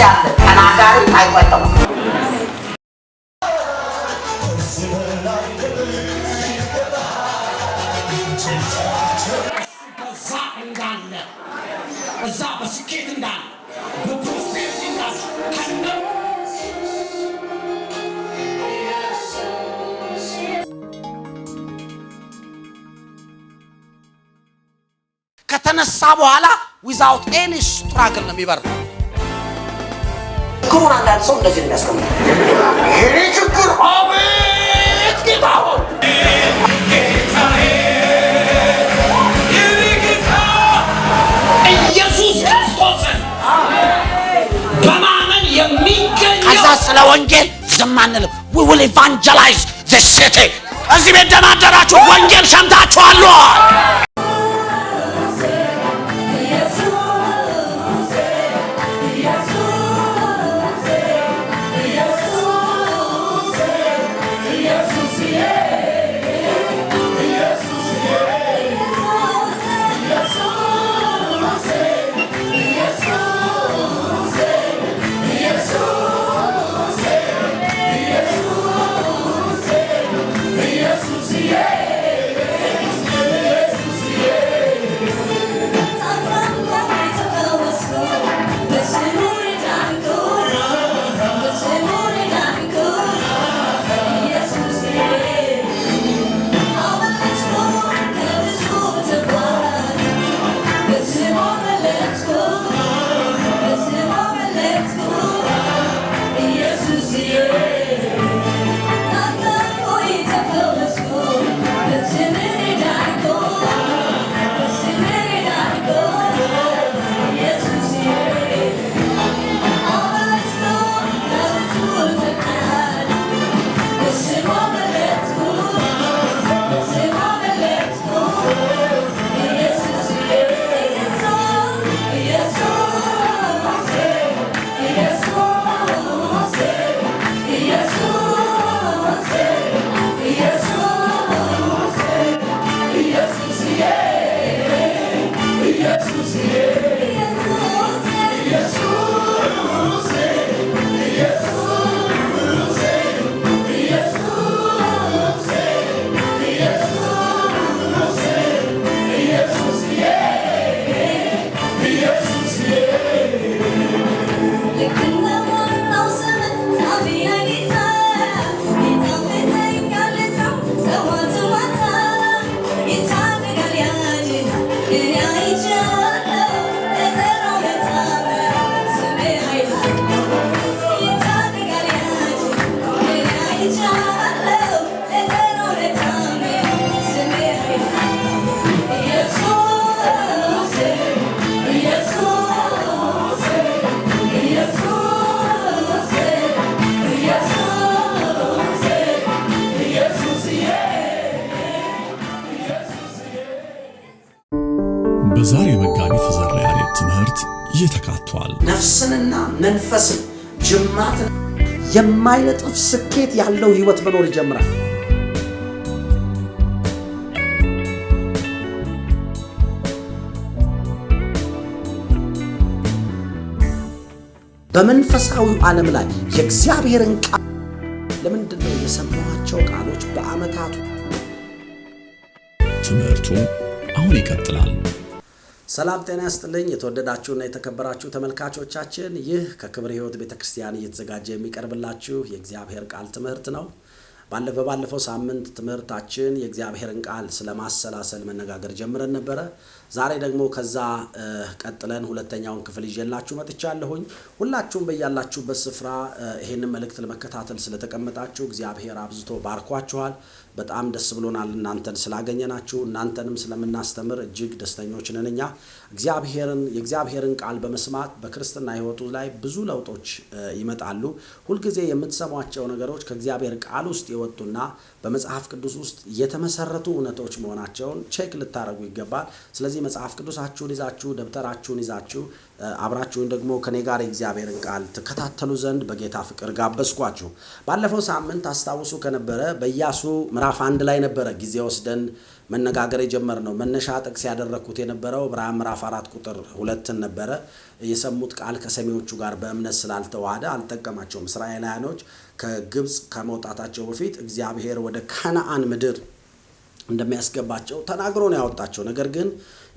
ያለ ተናጋሪ አይቆጠውም። ከተነሳ በኋላ ዊዛውት ኤኒ ስትራግል ነው የሚበርደው። ችግሩን አንዳንድ ሰው እንደዚህ የሚያስቀምጠ ይህ ችግር አቤት ጌታ ሆን ስለ ወንጌል ዝም አንልም። we will evangelize the city እዚህ ቤት ደህና አደራችሁ። ወንጌል ሰምታችኋል። የማይነጥፍ ስኬት ያለው ህይወት መኖር ይጀምራል። በመንፈሳዊው ዓለም ላይ የእግዚአብሔርን ቃል ለምንድን ነው የሰማኋቸው ቃሎች በዓመታቱ ትምህርቱ አሁን ይቀጥላል። ሰላም ጤና ይስጥልኝ። የተወደዳችሁና የተከበራችሁ ተመልካቾቻችን ይህ ከክብር ሕይወት ቤተ ክርስቲያን እየተዘጋጀ የሚቀርብላችሁ የእግዚአብሔር ቃል ትምህርት ነው። በባለፈው ሳምንት ትምህርታችን የእግዚአብሔርን ቃል ስለ ማሰላሰል መነጋገር ጀምረን ነበረ። ዛሬ ደግሞ ከዛ ቀጥለን ሁለተኛውን ክፍል ይዤላችሁ መጥቻለሁኝ። ሁላችሁም በያላችሁበት ስፍራ ይህንን መልእክት ለመከታተል ስለተቀመጣችሁ እግዚአብሔር አብዝቶ ባርኳችኋል። በጣም ደስ ብሎናል እናንተን ስላገኘናችሁ እናንተንም ስለምናስተምር እጅግ ደስተኞች ነን እኛ እግዚአብሔርን የእግዚአብሔርን ቃል በመስማት በክርስትና ህይወቱ ላይ ብዙ ለውጦች ይመጣሉ። ሁልጊዜ የምትሰሟቸው ነገሮች ከእግዚአብሔር ቃል ውስጥ የወጡና በመጽሐፍ ቅዱስ ውስጥ የተመሰረቱ እውነቶች መሆናቸውን ቼክ ልታደረጉ ይገባል። ስለዚህ መጽሐፍ ቅዱሳችሁን ይዛችሁ ደብተራችሁን ይዛችሁ አብራችሁን ደግሞ ከኔ ጋር የእግዚአብሔርን ቃል ትከታተሉ ዘንድ በጌታ ፍቅር ጋበዝኳችሁ። ባለፈው ሳምንት አስታውሱ ከነበረ በኢያሱ ምዕራፍ አንድ ላይ ነበረ ጊዜ ወስደን መነጋገር ነው መነሻ ጥቅስ ያደረግኩት የነበረው ዕብራውያን ምዕራፍ አራት ቁጥር ሁለትን ነበረ። የሰሙት ቃል ከሰሚዎቹ ጋር በእምነት ስላልተዋሃደ አልጠቀማቸውም። እስራኤላውያኖች ከግብፅ ከመውጣታቸው በፊት እግዚአብሔር ወደ ከነአን ምድር እንደሚያስገባቸው ተናግሮ ነው ያወጣቸው። ነገር ግን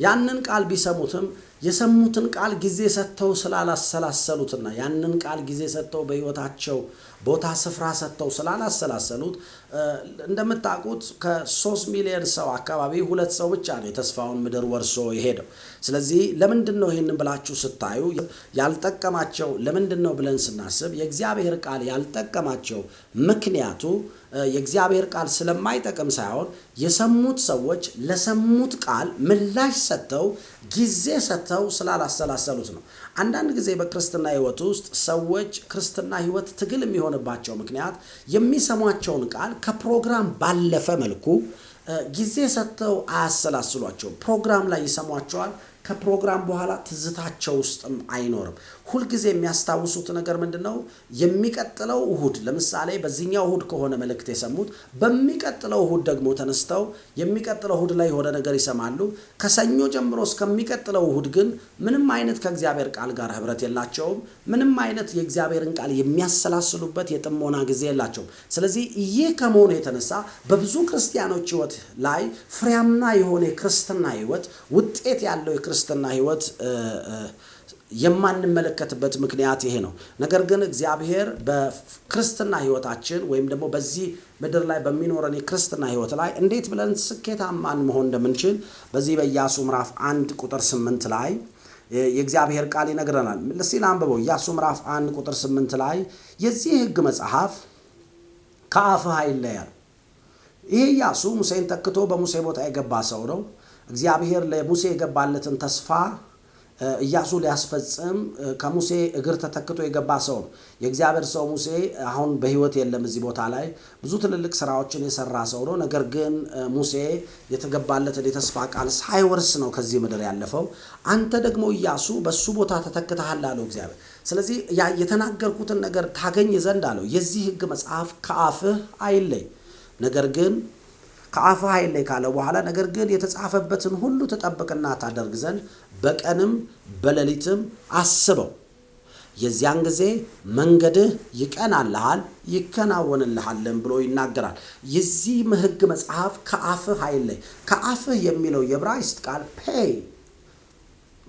ያንን ቃል ቢሰሙትም የሰሙትን ቃል ጊዜ ሰጥተው ስላላሰላሰሉትና ያንን ቃል ጊዜ ሰጥተው በሕይወታቸው ቦታ ስፍራ ሰጥተው ስላላሰላሰሉት እንደምታውቁት ከሶስት ሚሊዮን ሰው አካባቢ ሁለት ሰው ብቻ ነው የተስፋውን ምድር ወርሶ የሄደው። ስለዚህ ለምንድን ነው ይህንን ብላችሁ ስታዩ ያልጠቀማቸው ለምንድን ነው ብለን ስናስብ የእግዚአብሔር ቃል ያልጠቀማቸው ምክንያቱ የእግዚአብሔር ቃል ስለማይጠቅም ሳይሆን የሰሙት ሰዎች ለሰሙት ቃል ምላሽ ሰጥተው ጊዜ ሰጥተው ስላላሰላሰሉት ነው። አንዳንድ ጊዜ በክርስትና ህይወት ውስጥ ሰዎች ክርስትና ህይወት ትግል የሚሆንባቸው ምክንያት የሚሰሟቸውን ቃል ከፕሮግራም ባለፈ መልኩ ጊዜ ሰጥተው አያሰላስሏቸውም። ፕሮግራም ላይ ይሰሟቸዋል። ከፕሮግራም በኋላ ትዝታቸው ውስጥም አይኖርም። ሁልጊዜ የሚያስታውሱት ነገር ምንድን ነው? የሚቀጥለው እሁድ ለምሳሌ በዚህኛው እሁድ ከሆነ መልእክት የሰሙት በሚቀጥለው እሁድ ደግሞ ተነስተው የሚቀጥለው እሁድ ላይ የሆነ ነገር ይሰማሉ። ከሰኞ ጀምሮ እስከሚቀጥለው እሁድ ግን ምንም አይነት ከእግዚአብሔር ቃል ጋር ህብረት የላቸውም። ምንም አይነት የእግዚአብሔርን ቃል የሚያሰላስሉበት የጥሞና ጊዜ የላቸውም። ስለዚህ ይህ ከመሆኑ የተነሳ በብዙ ክርስቲያኖች ህይወት ላይ ፍሬያማ የሆነ የክርስትና ህይወት ውጤት ያለው የክርስትና ህይወት የማንመለከትበት ምክንያት ይሄ ነው። ነገር ግን እግዚአብሔር በክርስትና ህይወታችን ወይም ደግሞ በዚህ ምድር ላይ በሚኖረን የክርስትና ህይወት ላይ እንዴት ብለን ስኬታማን መሆን እንደምንችል በዚህ በኢያሱ ምዕራፍ አንድ ቁጥር ስምንት ላይ የእግዚአብሔር ቃል ይነግረናል። ሲል አንብበው ኢያሱ ምዕራፍ አንድ ቁጥር ስምንት ላይ የዚህ ህግ መጽሐፍ ከአፍህ አይለያል። ይሄ ኢያሱ ሙሴን ተክቶ በሙሴ ቦታ የገባ ሰው ነው። እግዚአብሔር ለሙሴ የገባለትን ተስፋ እያሱ ሊያስፈጽም ከሙሴ እግር ተተክቶ የገባ ሰው ነው። የእግዚአብሔር ሰው ሙሴ አሁን በሕይወት የለም። እዚህ ቦታ ላይ ብዙ ትልልቅ ስራዎችን የሰራ ሰው ነው። ነገር ግን ሙሴ የተገባለትን የተስፋ ቃል ሳይወርስ ነው ከዚህ ምድር ያለፈው። አንተ ደግሞ እያሱ በሱ ቦታ ተተክተሃል አለው እግዚአብሔር። ስለዚህ የተናገርኩትን ነገር ታገኝ ዘንድ አለው የዚህ ሕግ መጽሐፍ ከአፍህ አይለይ ነገር ግን ከአፍ ኃይል ላይ ካለ በኋላ ነገር ግን የተጻፈበትን ሁሉ ትጠብቅና ታደርግ ዘንድ በቀንም በሌሊትም አስበው፣ የዚያን ጊዜ መንገድህ ይቀናልሃል ይከናወንልሃለን ብሎ ይናገራል። የዚህ ሕግ መጽሐፍ ከአፍህ ኃይል ላይ ከአፍህ የሚለው የዕብራይስጥ ቃል ፔይ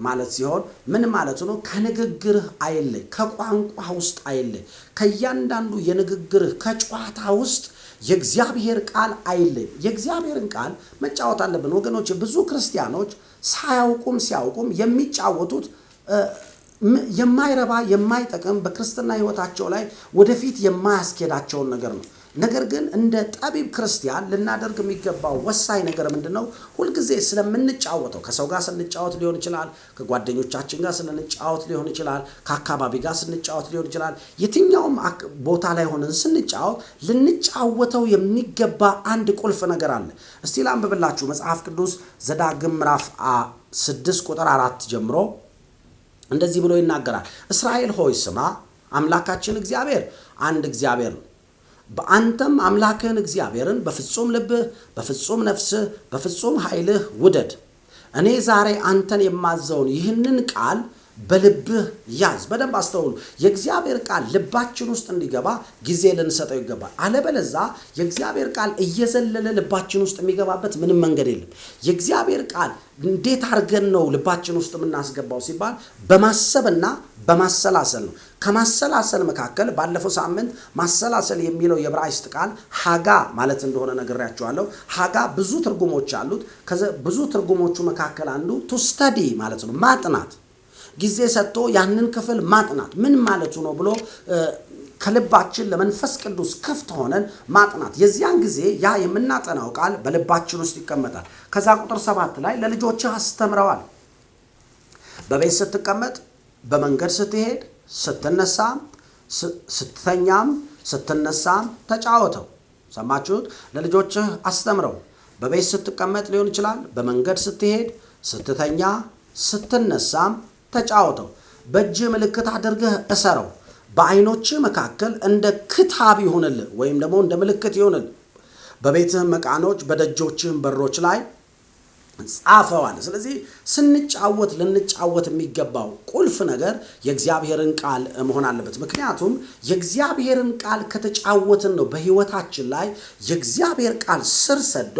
ማለት ሲሆን ምን ማለት ነው? ከንግግርህ አይለይ፣ ከቋንቋ ውስጥ አይለይ፣ ከእያንዳንዱ የንግግርህ ከጨዋታ ውስጥ የእግዚአብሔር ቃል አይለይ። የእግዚአብሔርን ቃል መጫወት አለብን ወገኖች። ብዙ ክርስቲያኖች ሳያውቁም ሲያውቁም የሚጫወቱት የማይረባ የማይጠቅም በክርስትና ሕይወታቸው ላይ ወደፊት የማያስኬዳቸውን ነገር ነው። ነገር ግን እንደ ጠቢብ ክርስቲያን ልናደርግ የሚገባው ወሳኝ ነገር ምንድን ነው? ሁልጊዜ ስለምንጫወተው ከሰው ጋር ስንጫወት ሊሆን ይችላል፣ ከጓደኞቻችን ጋር ስንጫወት ሊሆን ይችላል፣ ከአካባቢ ጋር ስንጫወት ሊሆን ይችላል። የትኛውም ቦታ ላይ ሆነን ስንጫወት ልንጫወተው የሚገባ አንድ ቁልፍ ነገር አለ። እስቲ ላንብብላችሁ። መጽሐፍ ቅዱስ ዘዳግም ምዕራፍ ስድስት ቁጥር አራት ጀምሮ እንደዚህ ብሎ ይናገራል። እስራኤል ሆይ ስማ፣ አምላካችን እግዚአብሔር አንድ እግዚአብሔር ነው በአንተም አምላክህን እግዚአብሔርን በፍጹም ልብህ፣ በፍጹም ነፍስህ፣ በፍጹም ኃይልህ ውደድ። እኔ ዛሬ አንተን የማዘውን ይህንን ቃል በልብህ ያዝ። በደንብ አስተውሉ። የእግዚአብሔር ቃል ልባችን ውስጥ እንዲገባ ጊዜ ልንሰጠው ይገባል። አለበለዛ የእግዚአብሔር ቃል እየዘለለ ልባችን ውስጥ የሚገባበት ምንም መንገድ የለም። የእግዚአብሔር ቃል እንዴት አድርገን ነው ልባችን ውስጥ የምናስገባው ሲባል በማሰብና በማሰላሰል ነው። ከማሰላሰል መካከል ባለፈው ሳምንት ማሰላሰል የሚለው የዕብራይስጥ ቃል ሀጋ ማለት እንደሆነ ነግሬያችኋለሁ። ሀጋ ብዙ ትርጉሞች አሉት። ብዙ ትርጉሞቹ መካከል አንዱ ቱስተዲ ማለት ነው፣ ማጥናት፣ ጊዜ ሰጥቶ ያንን ክፍል ማጥናት ምን ማለቱ ነው ብሎ ከልባችን ለመንፈስ ቅዱስ ክፍት ሆነን ማጥናት። የዚያን ጊዜ ያ የምናጠናው ቃል በልባችን ውስጥ ይቀመጣል። ከዛ ቁጥር ሰባት ላይ ለልጆችህ አስተምረዋል፣ በቤት ስትቀመጥ፣ በመንገድ ስትሄድ ስትነሳም ስትተኛም ስትነሳም ተጫወተው። ሰማችሁት? ለልጆችህ አስተምረው። በቤት ስትቀመጥ ሊሆን ይችላል። በመንገድ ስትሄድ፣ ስትተኛ፣ ስትነሳም ተጫወተው። በእጅ ምልክት አድርገህ እሰረው። በዓይኖች መካከል እንደ ክታብ ይሁንልህ፣ ወይም ደግሞ እንደ ምልክት ይሁንልህ። በቤትህም መቃኖች በደጆችህም በሮች ላይ ጻፈዋል። ስለዚህ ስንጫወት ልንጫወት የሚገባው ቁልፍ ነገር የእግዚአብሔርን ቃል መሆን አለበት። ምክንያቱም የእግዚአብሔርን ቃል ከተጫወትን ነው በሕይወታችን ላይ የእግዚአብሔር ቃል ስር ሰዶ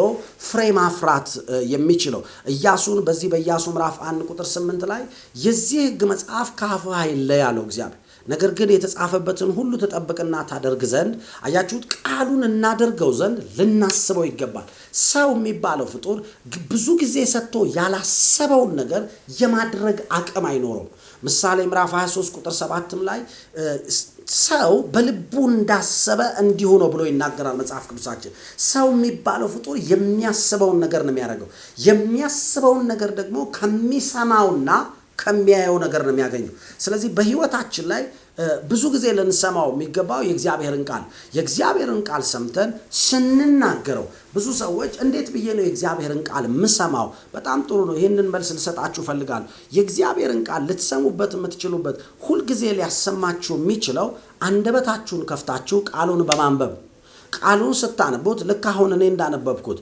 ፍሬ ማፍራት የሚችለው። እያሱን በዚህ በእያሱ ምዕራፍ አንድ ቁጥር ስምንት ላይ የዚህ ሕግ መጽሐፍ ከአፍህ አይለይ ያለው እግዚአብሔር። ነገር ግን የተጻፈበትን ሁሉ ትጠብቅና ታደርግ ዘንድ አያችሁት፣ ቃሉን እናደርገው ዘንድ ልናስበው ይገባል። ሰው የሚባለው ፍጡር ብዙ ጊዜ ሰጥቶ ያላሰበውን ነገር የማድረግ አቅም አይኖረውም። ምሳሌ ምዕራፍ 23 ቁጥር 7ም ላይ ሰው በልቡ እንዳሰበ እንዲሁ ነው ብሎ ይናገራል መጽሐፍ ቅዱሳችን። ሰው የሚባለው ፍጡር የሚያስበውን ነገር ነው የሚያደርገው። የሚያስበውን ነገር ደግሞ ከሚሰማውና ከሚያየው ነገር ነው የሚያገኘው። ስለዚህ በህይወታችን ላይ ብዙ ጊዜ ልንሰማው የሚገባው የእግዚአብሔርን ቃል የእግዚአብሔርን ቃል ሰምተን ስንናገረው ብዙ ሰዎች እንዴት ብዬ ነው የእግዚአብሔርን ቃል ምሰማው? በጣም ጥሩ ነው። ይህንን መልስ ልሰጣችሁ ፈልጋል የእግዚአብሔርን ቃል ልትሰሙበት የምትችሉበት ሁልጊዜ ሊያሰማችሁ የሚችለው አንደበታችሁን ከፍታችሁ ቃሉን በማንበብ ቃሉን ስታነቡት ልክ አሁን እኔ እንዳነበብኩት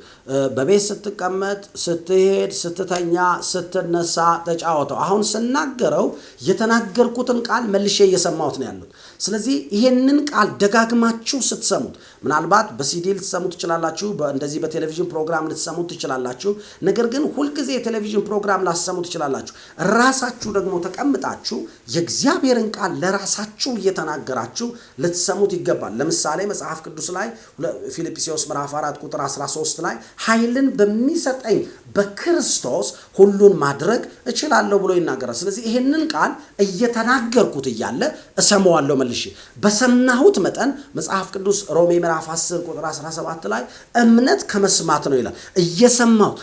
በቤት ስትቀመጥ፣ ስትሄድ፣ ስትተኛ፣ ስትነሳ ተጫወተው። አሁን ስናገረው የተናገርኩትን ቃል መልሼ እየሰማሁት ነው ያሉት። ስለዚህ ይሄንን ቃል ደጋግማችሁ ስትሰሙት፣ ምናልባት በሲዲ ልትሰሙት ትችላላችሁ፣ እንደዚህ በቴሌቪዥን ፕሮግራም ልትሰሙት ትችላላችሁ። ነገር ግን ሁልጊዜ የቴሌቪዥን ፕሮግራም ላሰሙ ትችላላችሁ። ራሳችሁ ደግሞ ተቀምጣችሁ የእግዚአብሔርን ቃል ለራሳችሁ እየተናገራችሁ ልትሰሙት ይገባል። ለምሳሌ መጽሐፍ ቅዱስ ላይ ፊልጵስዎስ ምራፍ 4 ቁጥር 13 ላይ ኃይልን በሚሰጠኝ በክርስቶስ ሁሉን ማድረግ እችላለሁ ብሎ ይናገራል። ስለዚህ ይሄንን ቃል እየተናገርኩት እያለ እሰማዋለሁ መልሽ በሰማሁት መጠን መጽሐፍ ቅዱስ ሮሜ ምራፍ 10 ቁጥር 17 ላይ እምነት ከመስማት ነው ይላል። እየሰማሁት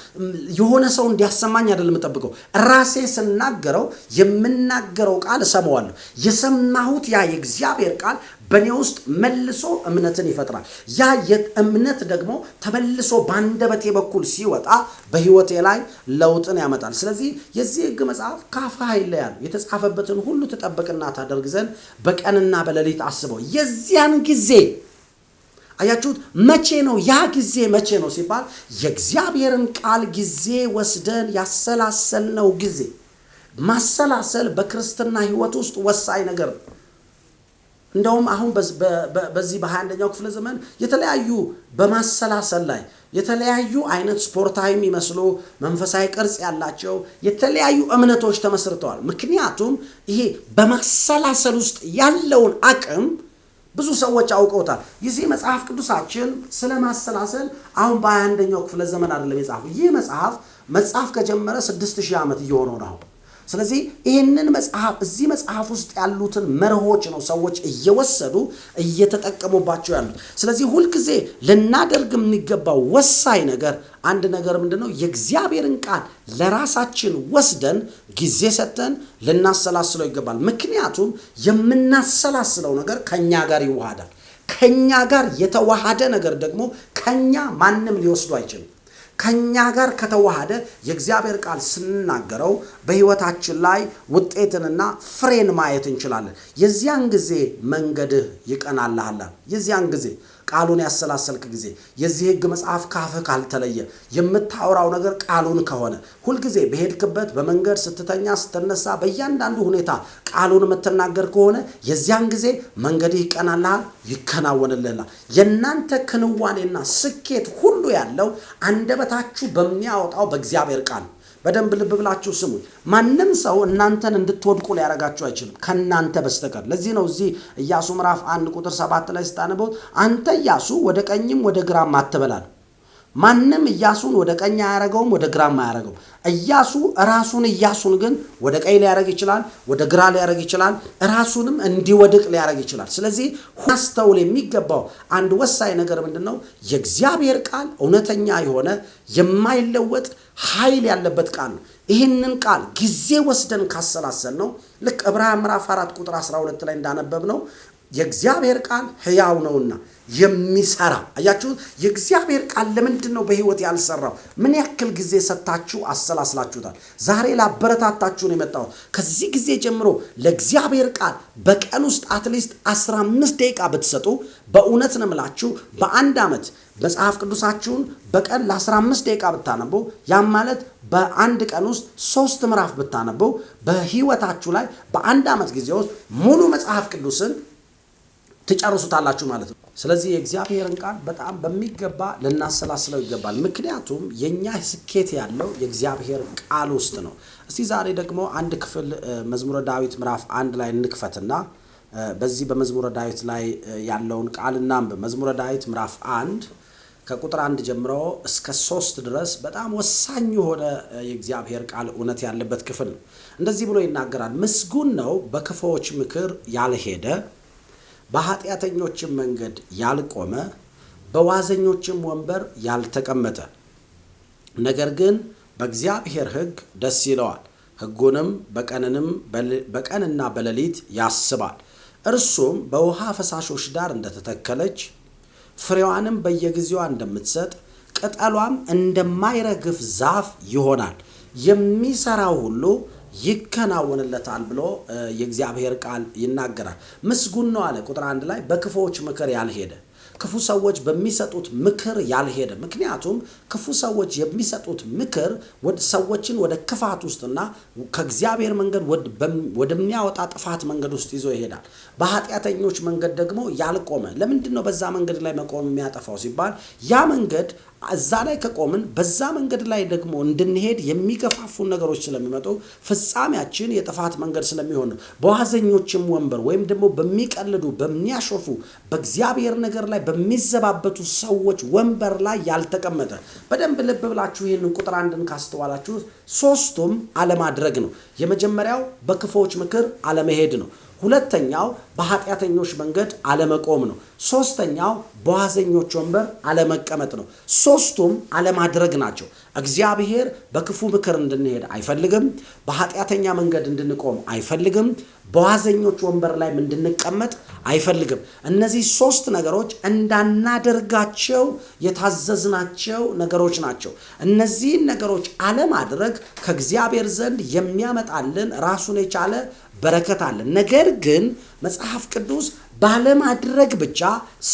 የሆነ ሰው እንዲያሰማኝ አይደለም ጠብቀው ራሴ ስናገረው የምናገረው ቃል እሰማዋለሁ። የሰማሁት ያ የእግዚአብሔር ቃል በእኔ ውስጥ መልሶ እምነትን ይፈጥራል። ያ እምነት ደግሞ ተመልሶ በአንደበቴ በኩል ሲወጣ በህይወቴ ላይ ለውጥን ያመጣል። ስለዚህ የዚህ ህግ መጽሐፍ ካፍህ አይለያል፣ የተጻፈበትን ሁሉ ትጠብቅና ታደርግ ዘንድ በቀንና በሌሊት አስበው። የዚያን ጊዜ አያችሁት? መቼ ነው ያ ጊዜ? መቼ ነው ሲባል የእግዚአብሔርን ቃል ጊዜ ወስደን ያሰላሰልነው ጊዜ። ማሰላሰል በክርስትና ህይወት ውስጥ ወሳኝ ነገር ነው። እንደውም አሁን በዚህ በ21ኛው ክፍለ ዘመን የተለያዩ በማሰላሰል ላይ የተለያዩ አይነት ስፖርታዊ የሚመስሉ መንፈሳዊ ቅርጽ ያላቸው የተለያዩ እምነቶች ተመስርተዋል። ምክንያቱም ይሄ በማሰላሰል ውስጥ ያለውን አቅም ብዙ ሰዎች አውቀውታል። ይዚህ መጽሐፍ ቅዱሳችን ስለ ማሰላሰል አሁን በ21ኛው ክፍለ ዘመን አይደለም የጻፈው። ይህ መጽሐፍ መጽሐፍ ከጀመረ 6000 ዓመት እየሆነው ነው። ስለዚህ ይህንን መጽሐፍ እዚህ መጽሐፍ ውስጥ ያሉትን መርሆች ነው ሰዎች እየወሰዱ እየተጠቀሙባቸው ያሉት። ስለዚህ ሁልጊዜ ልናደርግ የሚገባው ወሳኝ ነገር አንድ ነገር ምንድ ነው? የእግዚአብሔርን ቃል ለራሳችን ወስደን ጊዜ ሰጥተን ልናሰላስለው ይገባል። ምክንያቱም የምናሰላስለው ነገር ከእኛ ጋር ይዋሃዳል። ከእኛ ጋር የተዋሃደ ነገር ደግሞ ከእኛ ማንም ሊወስዱ አይችልም። ከኛ ጋር ከተዋሃደ የእግዚአብሔር ቃል ስንናገረው በሕይወታችን ላይ ውጤትንና ፍሬን ማየት እንችላለን። የዚያን ጊዜ መንገድህ ይቀናልሃል። የዚያን ጊዜ ቃሉን ያሰላሰልክ ጊዜ የዚህ ህግ መጽሐፍ ካፍህ ካልተለየ የምታወራው ነገር ቃሉን ከሆነ ሁልጊዜ በሄድክበት በመንገድ ስትተኛ፣ ስትነሳ፣ በእያንዳንዱ ሁኔታ ቃሉን የምትናገር ከሆነ የዚያን ጊዜ መንገድህ ይቀናልሃል፣ ይከናወንልህላል። የእናንተ ክንዋኔና ስኬት ሁሉ ያለው አንደበታችሁ በሚያወጣው በእግዚአብሔር ቃል በደንብ ልብ ብላችሁ ስሙ ማንም ሰው እናንተን እንድትወድቁ ሊያረጋችሁ አይችልም ከእናንተ በስተቀር። ለዚህ ነው እዚህ ኢያሱ ምዕራፍ አንድ ቁጥር ሰባት ላይ ስታነበውት አንተ ኢያሱ ወደ ቀኝም ወደ ግራም አትበላል ማንም እያሱን ወደ ቀኝ አያረገውም፣ ወደ ግራም አያረገውም። እያሱ ራሱን እያሱን ግን ወደ ቀኝ ሊያረግ ይችላል፣ ወደ ግራ ሊያረግ ይችላል፣ ራሱንም እንዲወድቅ ሊያረግ ይችላል። ስለዚህ ሁስተውል የሚገባው አንድ ወሳኝ ነገር ምንድን ነው? የእግዚአብሔር ቃል እውነተኛ የሆነ የማይለወጥ ኃይል ያለበት ቃል ነው። ይህንን ቃል ጊዜ ወስደን ካሰላሰል ነው ልክ ዕብራውያን ምዕራፍ 4 ቁጥር 12 ላይ እንዳነበብ ነው የእግዚአብሔር ቃል ህያው ነውና የሚሰራ አያችሁ። የእግዚአብሔር ቃል ለምንድን ነው በህይወት ያልሰራው? ምን ያክል ጊዜ ሰጥታችሁ አሰላስላችሁታል? ዛሬ ላበረታታችሁ ነው የመጣሁት። ከዚህ ጊዜ ጀምሮ ለእግዚአብሔር ቃል በቀን ውስጥ አትሊስት 15 ደቂቃ ብትሰጡ በእውነት ነው የምላችሁ በአንድ ዓመት መጽሐፍ ቅዱሳችሁን በቀን ለ15 ደቂቃ ብታነበው ያም ማለት በአንድ ቀን ውስጥ ሶስት ምዕራፍ ብታነበው በህይወታችሁ ላይ በአንድ ዓመት ጊዜ ውስጥ ሙሉ መጽሐፍ ቅዱስን ትጨርሱታላችሁ ማለት ነው። ስለዚህ የእግዚአብሔርን ቃል በጣም በሚገባ ልናሰላስለው ይገባል። ምክንያቱም የእኛ ስኬት ያለው የእግዚአብሔር ቃል ውስጥ ነው። እስቲ ዛሬ ደግሞ አንድ ክፍል መዝሙረ ዳዊት ምዕራፍ አንድ ላይ እንክፈትና በዚህ በመዝሙረ ዳዊት ላይ ያለውን ቃል እናንብ። መዝሙረ ዳዊት ምዕራፍ አንድ ከቁጥር አንድ ጀምሮ እስከ ሶስት ድረስ በጣም ወሳኝ የሆነ የእግዚአብሔር ቃል እውነት ያለበት ክፍል ነው። እንደዚህ ብሎ ይናገራል። ምስጉን ነው በክፉዎች ምክር ያልሄደ በኃጢአተኞችም መንገድ ያልቆመ በዋዘኞችም ወንበር ያልተቀመጠ ነገር ግን በእግዚአብሔር ሕግ ደስ ይለዋል፣ ሕጉንም በቀንንም በቀንና በሌሊት ያስባል። እርሱም በውሃ ፈሳሾች ዳር እንደተተከለች ፍሬዋንም በየጊዜዋ እንደምትሰጥ ቅጠሏም እንደማይረግፍ ዛፍ ይሆናል። የሚሰራው ሁሉ ይከናወንለታል ብሎ የእግዚአብሔር ቃል ይናገራል። ምስጉን ነው አለ ቁጥር አንድ ላይ በክፉዎች ምክር ያልሄደ ክፉ ሰዎች በሚሰጡት ምክር ያልሄደ። ምክንያቱም ክፉ ሰዎች የሚሰጡት ምክር ሰዎችን ወደ ክፋት ውስጥና ከእግዚአብሔር መንገድ ወደሚያወጣ ጥፋት መንገድ ውስጥ ይዞ ይሄዳል። በኃጢአተኞች መንገድ ደግሞ ያልቆመ። ለምንድን ነው በዛ መንገድ ላይ መቆም የሚያጠፋው ሲባል ያ መንገድ እዛ ላይ ከቆምን በዛ መንገድ ላይ ደግሞ እንድንሄድ የሚገፋፉን ነገሮች ስለሚመጡ ፍጻሜያችን የጥፋት መንገድ ስለሚሆን ነው። በዋዘኞችም ወንበር ወይም ደግሞ በሚቀልዱ በሚያሾፉ፣ በእግዚአብሔር ነገር ላይ በሚዘባበቱ ሰዎች ወንበር ላይ ያልተቀመጠ። በደንብ ልብ ብላችሁ ይህንን ቁጥር አንድን ካስተዋላችሁ ሶስቱም አለማድረግ ነው። የመጀመሪያው በክፎች ምክር አለመሄድ ነው። ሁለተኛው በኃጢአተኞች መንገድ አለመቆም ነው። ሶስተኛው በዋዘኞች ወንበር አለመቀመጥ ነው። ሶስቱም አለማድረግ ናቸው። እግዚአብሔር በክፉ ምክር እንድንሄድ አይፈልግም። በኃጢአተኛ መንገድ እንድንቆም አይፈልግም። በዋዘኞች ወንበር ላይ እንድንቀመጥ አይፈልግም። እነዚህ ሶስት ነገሮች እንዳናደርጋቸው የታዘዝናቸው ነገሮች ናቸው። እነዚህን ነገሮች አለማድረግ ከእግዚአብሔር ዘንድ የሚያመጣልን ራሱን የቻለ በረከት አለ። ነገር ግን መጽሐፍ ቅዱስ ባለማድረግ ብቻ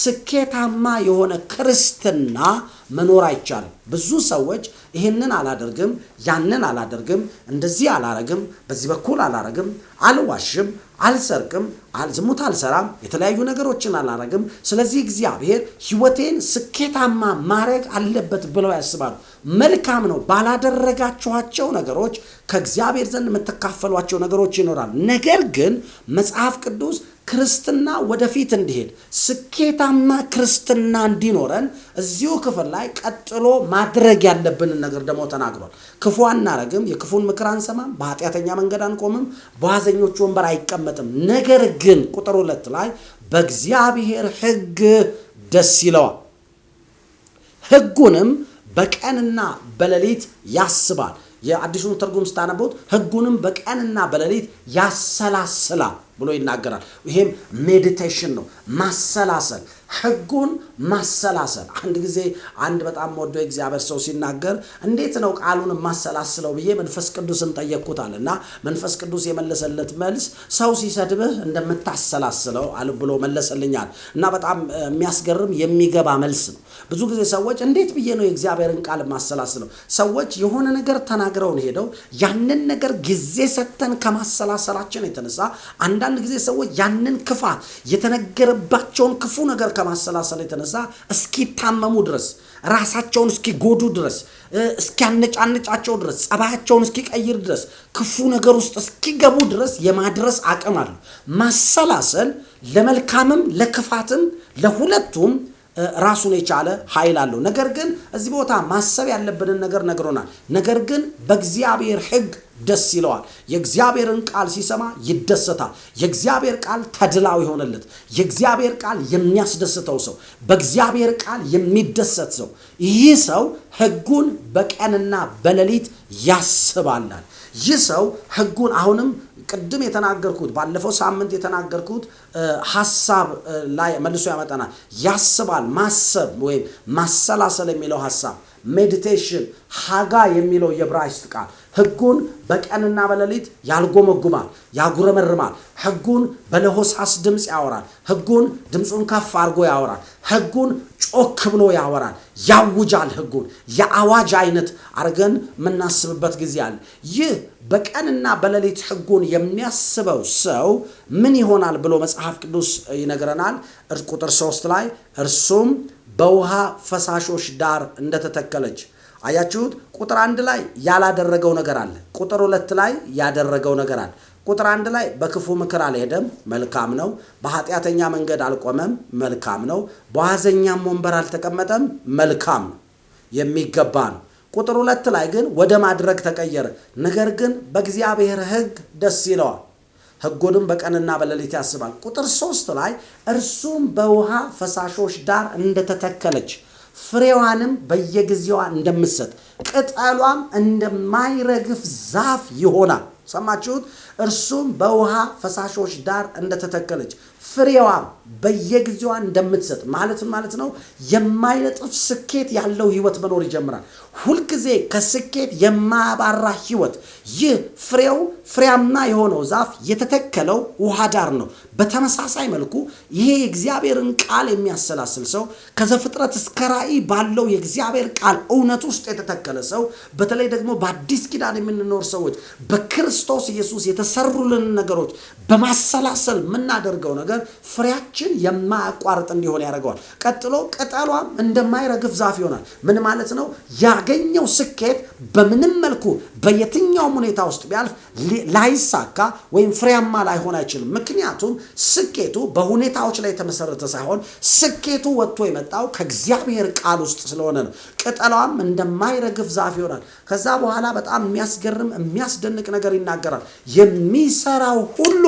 ስኬታማ የሆነ ክርስትና መኖር አይቻልም። ብዙ ሰዎች ይህንን አላደርግም፣ ያንን አላደርግም፣ እንደዚህ አላረግም፣ በዚህ በኩል አላረግም፣ አልዋሽም፣ አልሰርቅም፣ ዝሙት አልሰራም፣ የተለያዩ ነገሮችን አላረግም፣ ስለዚህ እግዚአብሔር ሕይወቴን ስኬታማ ማድረግ አለበት ብለው ያስባሉ። መልካም ነው። ባላደረጋችኋቸው ነገሮች ከእግዚአብሔር ዘንድ የምትካፈሏቸው ነገሮች ይኖራሉ። ነገር ግን መጽሐፍ ቅዱስ ክርስትና ወደፊት እንዲሄድ ስኬታማ ክርስትና እንዲኖረን እዚሁ ክፍል ላይ ቀጥሎ ማድረግ ያለብንን ነገር ደግሞ ተናግሯል። ክፉ አናረግም፣ የክፉን ምክር አንሰማም፣ በኃጢአተኛ መንገድ አንቆምም፣ በዋዘኞች ወንበር አይቀመጥም። ነገር ግን ቁጥር ሁለት ላይ በእግዚአብሔር ሕግ ደስ ይለዋል፣ ሕጉንም በቀንና በሌሊት ያስባል። የአዲሱን ትርጉም ስታነቡት ሕጉንም በቀንና በሌሊት ያሰላስላል ብሎ ይናገራል። ይሄም ሜዲቴሽን ነው፣ ማሰላሰል፣ ህጉን ማሰላሰል። አንድ ጊዜ አንድ በጣም ወዶ እግዚአብሔር ሰው ሲናገር እንዴት ነው ቃሉን ማሰላስለው ብዬ መንፈስ ቅዱስን ጠየቅኩታል እና መንፈስ ቅዱስ የመለሰለት መልስ ሰው ሲሰድብህ እንደምታሰላስለው ብሎ መለሰልኛል እና በጣም የሚያስገርም የሚገባ መልስ ነው። ብዙ ጊዜ ሰዎች እንዴት ብዬ ነው የእግዚአብሔርን ቃል ማሰላስለው? ሰዎች የሆነ ነገር ተናግረውን ሄደው ያንን ነገር ጊዜ ሰጥተን ከማሰላሰላችን የተነሳ አንዳንድ ጊዜ ሰዎች ያንን ክፋት የተነገረባቸውን ክፉ ነገር ከማሰላሰል የተነሳ እስኪታመሙ ድረስ ራሳቸውን እስኪጎዱ ድረስ እስኪያነጫነጫቸው ድረስ ጸባያቸውን እስኪቀይር ድረስ ክፉ ነገር ውስጥ እስኪገቡ ድረስ የማድረስ አቅም አለው። ማሰላሰል ለመልካምም ለክፋትም ለሁለቱም ራሱን የቻለ ኃይል አለው። ነገር ግን እዚህ ቦታ ማሰብ ያለብንን ነገር ነግሮናል። ነገር ግን በእግዚአብሔር ሕግ ደስ ይለዋል። የእግዚአብሔርን ቃል ሲሰማ ይደሰታል። የእግዚአብሔር ቃል ተድላው የሆነለት የእግዚአብሔር ቃል የሚያስደስተው ሰው፣ በእግዚአብሔር ቃል የሚደሰት ሰው፣ ይህ ሰው ሕጉን በቀንና በሌሊት ያስባላል። ይህ ሰው ሕጉን አሁንም ቅድም የተናገርኩት ባለፈው ሳምንት የተናገርኩት ሀሳብ ላይ መልሶ ያመጣናል። ያስባል ማሰብ ወይም ማሰላሰል የሚለው ሀሳብ ሜዲቴሽን ሀጋ የሚለው የብራይስት ቃል ህጉን በቀንና በሌሊት ያልጎመጉማል፣ ያጉረመርማል። ህጉን በለሆሳስ ድምፅ ያወራል። ህጉን ድምፁን ከፍ አድርጎ ያወራል። ህጉን ጮክ ብሎ ያወራል፣ ያውጃል። ህጉን የአዋጅ አይነት አድርገን የምናስብበት ጊዜ አለ። ይህ በቀንና በሌሊት ህጉን የሚያስበው ሰው ምን ይሆናል ብሎ መጽሐፍ ቅዱስ ይነግረናል። ቁጥር ሶስት ላይ እርሱም በውሃ ፈሳሾች ዳር እንደተተከለች አያችሁት? ቁጥር አንድ ላይ ያላደረገው ነገር አለ። ቁጥር ሁለት ላይ ያደረገው ነገር አለ። ቁጥር አንድ ላይ በክፉ ምክር አልሄደም፣ መልካም ነው። በኃጢአተኛ መንገድ አልቆመም፣ መልካም ነው። በዋዘኛም ወንበር አልተቀመጠም፣ መልካም ነው፣ የሚገባ ነው። ቁጥር ሁለት ላይ ግን ወደ ማድረግ ተቀየረ። ነገር ግን በእግዚአብሔር ሕግ ደስ ይለዋል ሕጉንም በቀንና በሌሊት ያስባል። ቁጥር ሶስት ላይ እርሱም በውሃ ፈሳሾች ዳር እንደተተከለች ፍሬዋንም በየጊዜዋ እንደምትሰጥ ቅጠሏም እንደማይረግፍ ዛፍ ይሆናል። ሰማችሁት? እርሱም በውሃ ፈሳሾች ዳር እንደተተከለች ፍሬዋ በየጊዜዋ እንደምትሰጥ ማለት ማለት ነው። የማይነጥፍ ስኬት ያለው ህይወት መኖር ይጀምራል። ሁልጊዜ ከስኬት የማያባራ ህይወት። ይህ ፍሬው ፍሬያማ የሆነው ዛፍ የተተከለው ውሃ ዳር ነው። በተመሳሳይ መልኩ ይሄ የእግዚአብሔርን ቃል የሚያሰላስል ሰው ከዘፍጥረት እስከ ራእይ ባለው የእግዚአብሔር ቃል እውነት ውስጥ የተተከለ ሰው፣ በተለይ ደግሞ በአዲስ ኪዳን የምንኖር ሰዎች በክርስቶስ ኢየሱስ የተሰሩልን ነገሮች በማሰላሰል የምናደርገው ነገር ነገር ፍሬያችን የማያቋርጥ እንዲሆን ያደርገዋል። ቀጥሎ ቅጠሏም እንደማይረግፍ ዛፍ ይሆናል። ምን ማለት ነው? ያገኘው ስኬት በምንም መልኩ በየትኛውም ሁኔታ ውስጥ ቢያልፍ ላይሳካ ወይም ፍሬያማ ላይሆን አይችልም። ምክንያቱም ስኬቱ በሁኔታዎች ላይ የተመሰረተ ሳይሆን ስኬቱ ወጥቶ የመጣው ከእግዚአብሔር ቃል ውስጥ ስለሆነ ነው። ቅጠሏም እንደማይረግፍ ዛፍ ይሆናል። ከዛ በኋላ በጣም የሚያስገርም የሚያስደንቅ ነገር ይናገራል የሚሰራው ሁሉ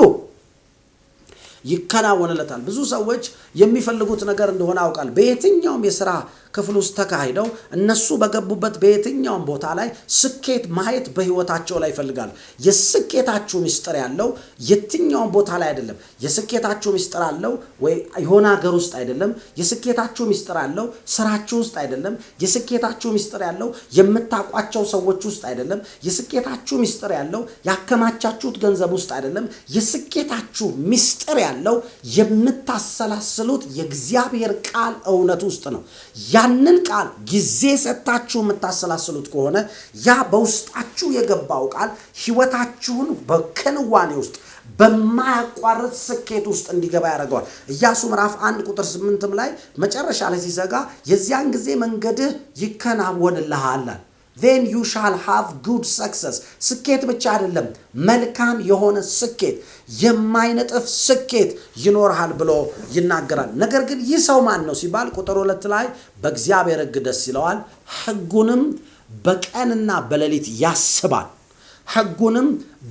ይከናወንለታል። ብዙ ሰዎች የሚፈልጉት ነገር እንደሆነ አውቃል። በየትኛውም የስራ ክፍል ውስጥ ተካሂደው እነሱ በገቡበት በየትኛውም ቦታ ላይ ስኬት ማየት በህይወታቸው ላይ ይፈልጋሉ። የስኬታችሁ ምስጢር ያለው የትኛውም ቦታ ላይ አይደለም። የስኬታችሁ ምስጢር አለው ወይ የሆነ ሀገር ውስጥ አይደለም። የስኬታችሁ ምስጢር አለው ስራችሁ ውስጥ አይደለም። የስኬታችሁ ምስጢር ያለው የምታውቋቸው ሰዎች ውስጥ አይደለም። የስኬታችሁ ምስጢር ያለው ያከማቻችሁት ገንዘብ ውስጥ አይደለም። የስኬታችሁ ምስጢር ያለው የምታሰላስሉት የእግዚአብሔር ቃል እውነት ውስጥ ነው። ያንን ቃል ጊዜ ሰጥታችሁ የምታሰላስሉት ከሆነ ያ በውስጣችሁ የገባው ቃል ሕይወታችሁን በክንዋኔ ውስጥ በማያቋርጥ ስኬት ውስጥ እንዲገባ ያደርገዋል። እያሱ ምዕራፍ አንድ ቁጥር ስምንትም ላይ መጨረሻ ላይ ሲዘጋ የዚያን ጊዜ መንገድህ ይከናወንልሃል ዜን ዩ ሻል ሃቭ ጉድ ሰክሰስ። ስኬት ብቻ አይደለም መልካም የሆነ ስኬት፣ የማይነጥፍ ስኬት ይኖርሃል ብሎ ይናገራል። ነገር ግን ይህ ሰው ማን ነው ሲባል ቁጥር ሁለት ላይ በእግዚአብሔር ሕግ ደስ ይለዋል፣ ህጉንም በቀንና በሌሊት ያስባል፣ ህጉንም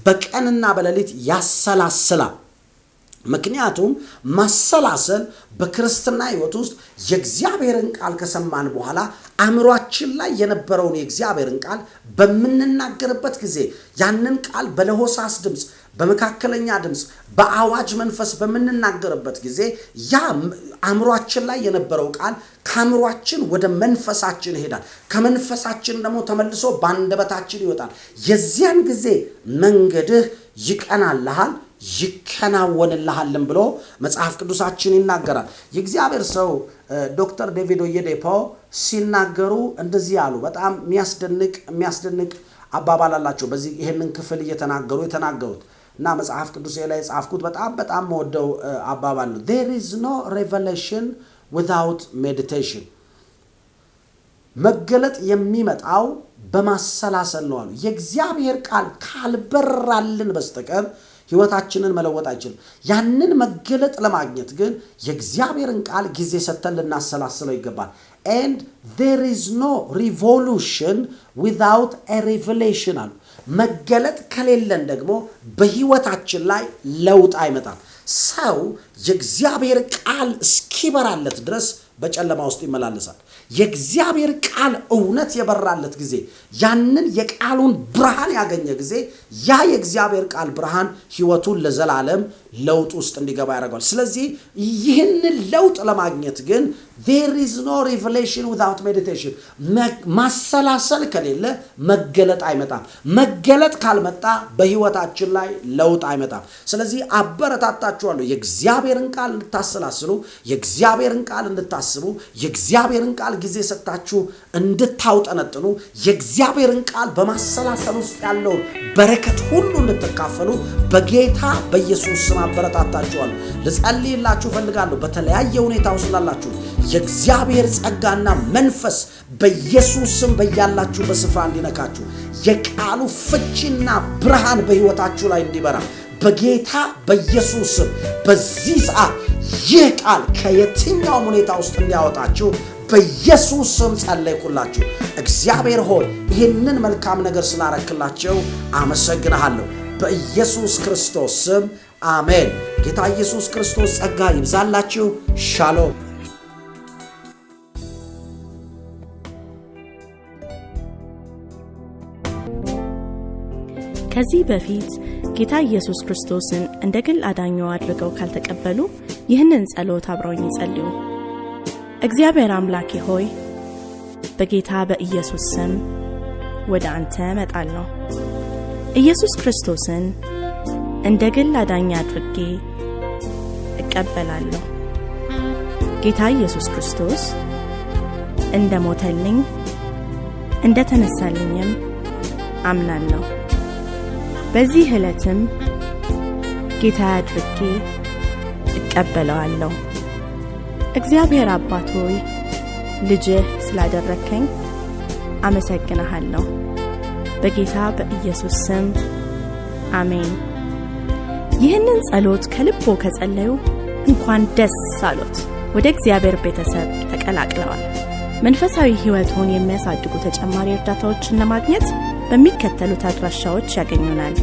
በቀንና በሌሊት ያሰላስላል ምክንያቱም ማሰላሰል በክርስትና ህይወት ውስጥ የእግዚአብሔርን ቃል ከሰማን በኋላ አእምሯችን ላይ የነበረውን የእግዚአብሔርን ቃል በምንናገርበት ጊዜ ያንን ቃል በለሆሳስ ድምፅ፣ በመካከለኛ ድምፅ፣ በአዋጅ መንፈስ በምንናገርበት ጊዜ ያ አእምሯችን ላይ የነበረው ቃል ከአእምሯችን ወደ መንፈሳችን ይሄዳል። ከመንፈሳችን ደግሞ ተመልሶ በአንደበታችን ይወጣል። የዚያን ጊዜ መንገድህ ይቀናልሃል ይከናወንልሃልን ብሎ መጽሐፍ ቅዱሳችን ይናገራል። የእግዚአብሔር ሰው ዶክተር ዴቪድ ኦየዴፖ ሲናገሩ እንደዚህ አሉ። በጣም የሚያስደንቅ የሚያስደንቅ አባባል አላቸው። በዚህ ይህንን ክፍል እየተናገሩ የተናገሩት እና መጽሐፍ ቅዱሴ ላይ የጻፍኩት በጣም በጣም መወደው አባባል ነው። ዜር ኢዝ ኖ ሬቨሌሽን ዊዛውት ሜዲቴሽን። መገለጥ የሚመጣው በማሰላሰል ነው አሉ። የእግዚአብሔር ቃል ካልበራልን በስተቀር ህይወታችንን መለወጥ አይችልም። ያንን መገለጥ ለማግኘት ግን የእግዚአብሔርን ቃል ጊዜ ሰጥተን ልናሰላስለው ይገባል። ንድ ዜር ኢዝ ኖ ሪቮሉሽን ዊዛውት ሬቨሌሽን አሉ። መገለጥ ከሌለን ደግሞ በህይወታችን ላይ ለውጥ አይመጣም። ሰው የእግዚአብሔር ቃል እስኪበራለት ድረስ በጨለማ ውስጥ ይመላለሳል። የእግዚአብሔር ቃል እውነት የበራለት ጊዜ ያንን የቃሉን ብርሃን ያገኘ ጊዜ ያ የእግዚአብሔር ቃል ብርሃን ህይወቱን ለዘላለም ለውጥ ውስጥ እንዲገባ ያደርገዋል። ስለዚህ ይህንን ለውጥ ለማግኘት ግን ዜር ኢዝ ኖ ሪቨሌሽን ዊዛውት ሜዲቴሽን፣ ማሰላሰል ከሌለ መገለጥ አይመጣም። መገለጥ ካልመጣ በህይወታችን ላይ ለውጥ አይመጣም። ስለዚህ አበረታታችኋለሁ የእግዚአብሔርን ቃል እንድታሰላስሉ፣ የእግዚአብሔርን ቃል እንድታስቡ፣ የእግዚአብሔርን ቃል ጊዜ ሰጥታችሁ እንድታውጠነጥኑ፣ የእግዚአብሔርን ቃል በማሰላሰል ውስጥ ያለውን በረከት ሁሉ እንድትካፈሉ በጌታ በኢየሱስ ስም አበረታታችኋለሁ። ልጸልይላችሁ እፈልጋለሁ። በተለያየ ሁኔታ ውስጥ ላላችሁ የእግዚአብሔር ጸጋና መንፈስ በኢየሱስ ስም በያላችሁ በስፍራ እንዲነካችሁ የቃሉ ፍቺና ብርሃን በሕይወታችሁ ላይ እንዲበራ በጌታ በኢየሱስ ስም በዚህ ሰዓት ይህ ቃል ከየትኛውም ሁኔታ ውስጥ እንዲያወጣችሁ በኢየሱስ ስም ጸለይኩላችሁ። እግዚአብሔር ሆይ ይህንን መልካም ነገር ስላረክላቸው አመሰግንሃለሁ። በኢየሱስ ክርስቶስ ስም አሜን። ጌታ ኢየሱስ ክርስቶስ ጸጋ ይብዛላችሁ። ሻሎም ከዚህ በፊት ጌታ ኢየሱስ ክርስቶስን እንደ ግል አዳኞ አድርገው ካልተቀበሉ ይህንን ጸሎት አብረውኝ ይጸልዩ። እግዚአብሔር አምላኬ ሆይ በጌታ በኢየሱስ ስም ወደ አንተ መጣለሁ። ኢየሱስ ክርስቶስን እንደ ግል አዳኝ አድርጌ እቀበላለሁ። ጌታ ኢየሱስ ክርስቶስ እንደ ሞተልኝ እንደ ተነሳልኝም አምናለሁ። በዚህ ዕለትም ጌታ አድርጌ እቀበለዋለሁ። እግዚአብሔር አባት ሆይ ልጅህ ስላደረከኝ አመሰግንሃለሁ። በጌታ በኢየሱስ ስም አሜን። ይህንን ጸሎት ከልቦ ከጸለዩ እንኳን ደስ አሎት፣ ወደ እግዚአብሔር ቤተሰብ ተቀላቅለዋል። መንፈሳዊ ሕይወትን የሚያሳድጉ ተጨማሪ እርዳታዎችን ለማግኘት በሚከተሉት አድራሻዎች ያገኙናል።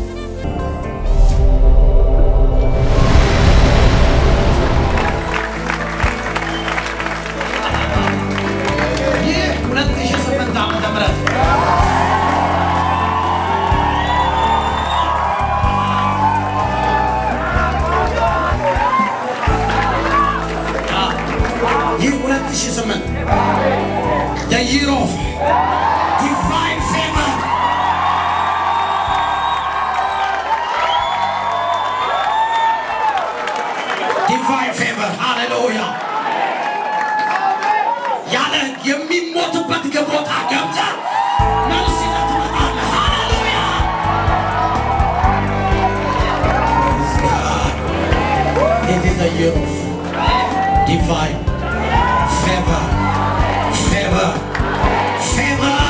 the youth. Divine favor, favor, favor.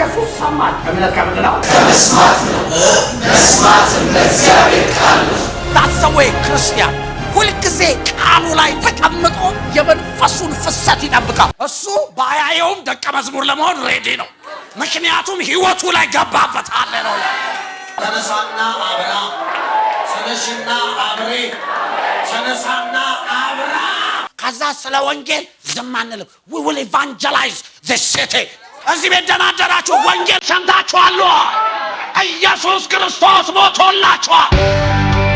ኢየሱስ ሰማል። እምነት ከምንድን ነው? መስማት ነው። መስማትም ለእግዚአብሔር ቃል ነው። ታሰወይ ክርስቲያን ሁልጊዜ ቃሉ ላይ ተቀምጦ የመንፈሱን ፍሰት ይጠብቃል። እሱ ባያየውም ደቀ መዝሙር ለመሆን ሬዲ ነው። ምክንያቱም ህይወቱ ላይ ገባበት አለ ነው። ተነሳና አብራ፣ ተነሽና አብሬ፣ ተነሳና አብራ። ከዛ ስለ ወንጌል ዝም አንልም። ዊ ዊል ኢቫንጀላይዝ ዚስ ሲቲ እዚህ ቤት ደህና አደራችሁ። ወንጌል ሰምታችኋል። ኢየሱስ ክርስቶስ ሞቶላችኋል።